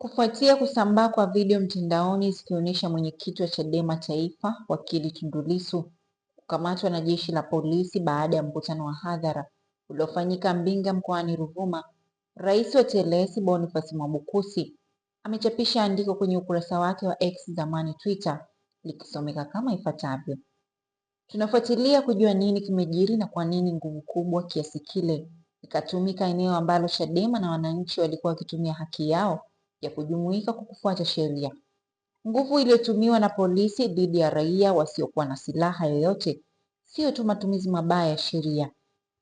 Kufuatia kusambaa kwa video mtandaoni zikionyesha mwenyekiti wa Chadema Taifa, wakili Tundu Lissu kukamatwa na jeshi la polisi baada ya mkutano wa hadhara uliofanyika Mbinga mkoani Ruvuma, rais wa TLS Boniface Mwabukusi amechapisha andiko kwenye ukurasa wake wa X zamani Twitter likisomeka kama ifuatavyo: tunafuatilia kujua nini kimejiri na kwa nini nguvu kubwa kiasi kile ikatumika eneo ambalo Chadema na wananchi walikuwa wakitumia haki yao ya kujumuika kwa kufuata sheria. Nguvu iliyotumiwa na polisi dhidi ya raia wasiokuwa na silaha yoyote sio tu matumizi mabaya ya sheria,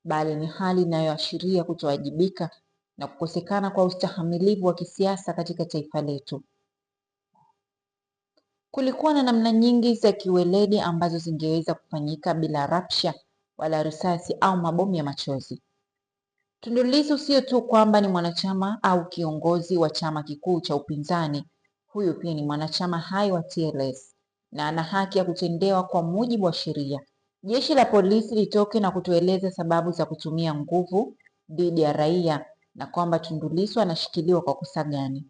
bali ni hali inayoashiria kutowajibika na kukosekana kwa ustahamilivu wa kisiasa katika taifa letu. Kulikuwa na namna nyingi za kiweledi ambazo zingeweza kufanyika bila rapsha wala risasi au mabomu ya machozi. Tundu Lissu sio tu kwamba ni mwanachama au kiongozi wa chama kikuu cha upinzani, huyu pia ni mwanachama hai wa TLS na ana haki ya kutendewa kwa mujibu wa sheria. Jeshi la polisi litoke na kutueleza sababu za kutumia nguvu dhidi ya raia na kwamba Tundu Lissu anashikiliwa kwa kosa gani.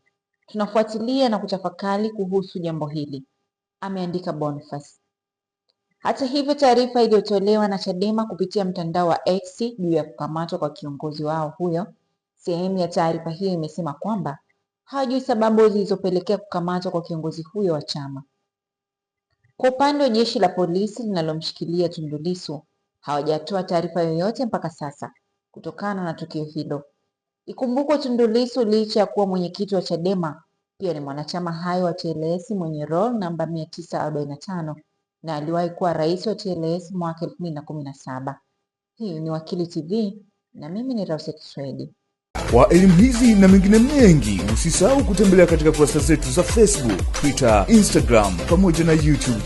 Tunafuatilia na kutafakari kuhusu jambo hili, ameandika Boniface. Hata hivyo, taarifa iliyotolewa na Chadema kupitia mtandao wa X juu ya kukamatwa kwa kiongozi wao huyo, sehemu ya taarifa hiyo imesema kwamba hawajui sababu zilizopelekea kukamatwa kwa kiongozi huyo wa chama. Kwa upande wa jeshi la polisi linalomshikilia Tundu Lissu, hawajatoa taarifa yoyote mpaka sasa kutokana na tukio hilo. Ikumbukwe Tundu Lissu licha ya kuwa mwenyekiti wa Chadema, pia ni mwanachama hai wa TLS mwenye roll namba 945 na aliwahi kuwa rais wa TLS mwaka elfu mbili na kumi na saba. Hii ni Wakili TV na mimi ni Rauset kiswedi Kwa elimu hizi na mengine mengi, usisahau kutembelea katika kurasa zetu za Facebook, Twitter, Instagram pamoja na YouTube.